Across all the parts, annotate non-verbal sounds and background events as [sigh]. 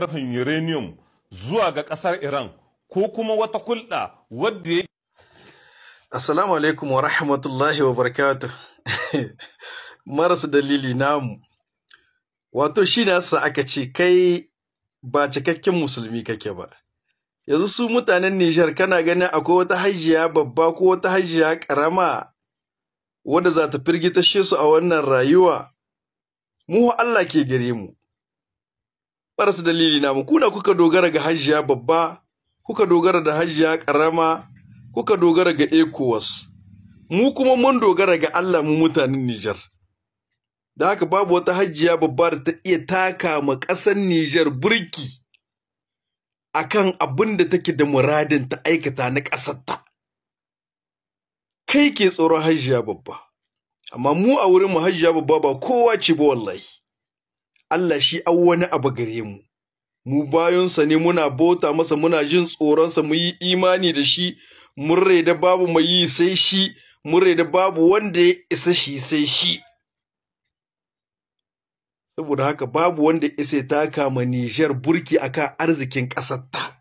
karfin uranium zuwa ga kasar Iran ko kuma wata kulda wadda ya Assalamu alaikum wa rahmatullahi wa barakatu. [laughs] Maras dalili namu. Wato shi ne sa aka ce kai ba cikakken musulmi kake ba. Yanzu su mutanen Nijar kana ganin akwai wata hajiya babba ko wata hajiya karama wadda za ta firgitashe su a wannan rayuwa. Mu Allah ke gare mu. marasa dalili na kuna kuka dogara ga hajiya babba kuka dogara da hajiya karama kuka dogara ga Ekowas. mu kuma mun dogara ga Allah mu mutanen Nijar da haka babu wata hajiya babba da ta iya taka ma ƙasar Nijar burki akan abin da take da muradin ta aikata na ƙasarta kai ke tsoron hajiya babba amma mu a wurin mu hajiya babba ba kowa ce ba wallahi Allah shi an wani abu gare mu mu bayonsa ne muna bota masa muna jin tsoronsa mu yi imani da shi mun rai da babu mai yi sai shi mun rai da babu wanda ya isa shi sai shi saboda haka babu wanda isa ta kama Nijar burki akan arzikin ƙasarta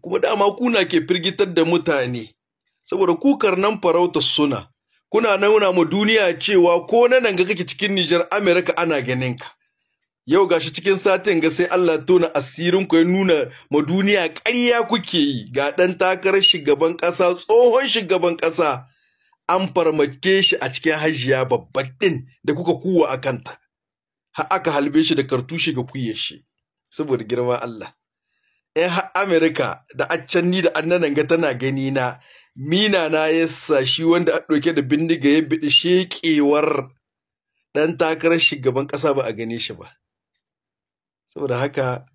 kuma dama kuna ke firgitar da mutane saboda kukar nan farauta suna kuna nuna ma duniya cewa ko na nan ga kake cikin Nijar Amerika ana ganin ka yau gashi cikin satin ga sai Allah tona asirin ku ya nuna ma duniya ƙarya kuke yi ga ɗan takarar shugaban ƙasa tsohon shugaban ƙasa an farmake shi a cikin hajiya babbar ɗin da kuka kuwa a kanta Ha aka halbe shi da kartu ga kuye shi saboda girma Allah Yan eh, Amerika da accan ni da annanan ga tana gani na mina na yasa shi wanda a ɗauke da bindiga ya biɗi sheƙewar ɗan takarar shugaban ƙasa ba a gane shi ba saboda haka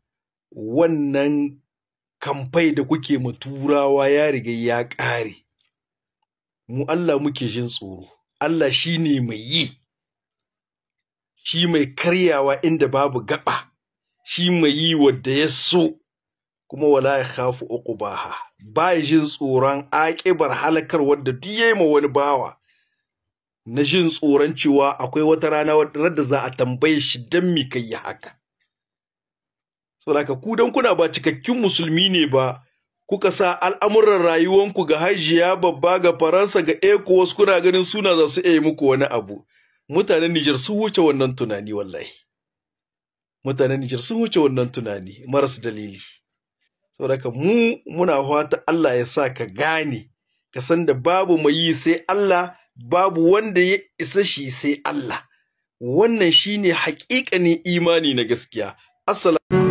wannan kamfai da kuke ma ya riga ya ƙare mu Allah muke jin tsoro Allah shi ne mai yi shi mai karyawa inda babu gaba shi mai yi wadda ya so kuma wala ya khafu uqubaha ba ya jin tsoron aƙibar halakar wadda duk yi ma wani bawa na jin tsoron cewa akwai wata rana wadda za a tambaye shi don mi kai yi haka saboda ku dan kuna ba cikakkin musulmi ne ba kuka sa al'amuran rayuwanku ga hajiya babba ga faransa ga ecowas kuna ganin suna za su iya muku wani abu mutanen Nijar sun wuce wannan tunani wallahi mutanen Nijar sun wuce wannan tunani maras dalili saboda mu muna fata Allah ya sa ka gane ka san da babu mai yi sai Allah babu wanda ya isa shi sai Allah wannan shine haƙiƙanin imani na gaskiya assalamu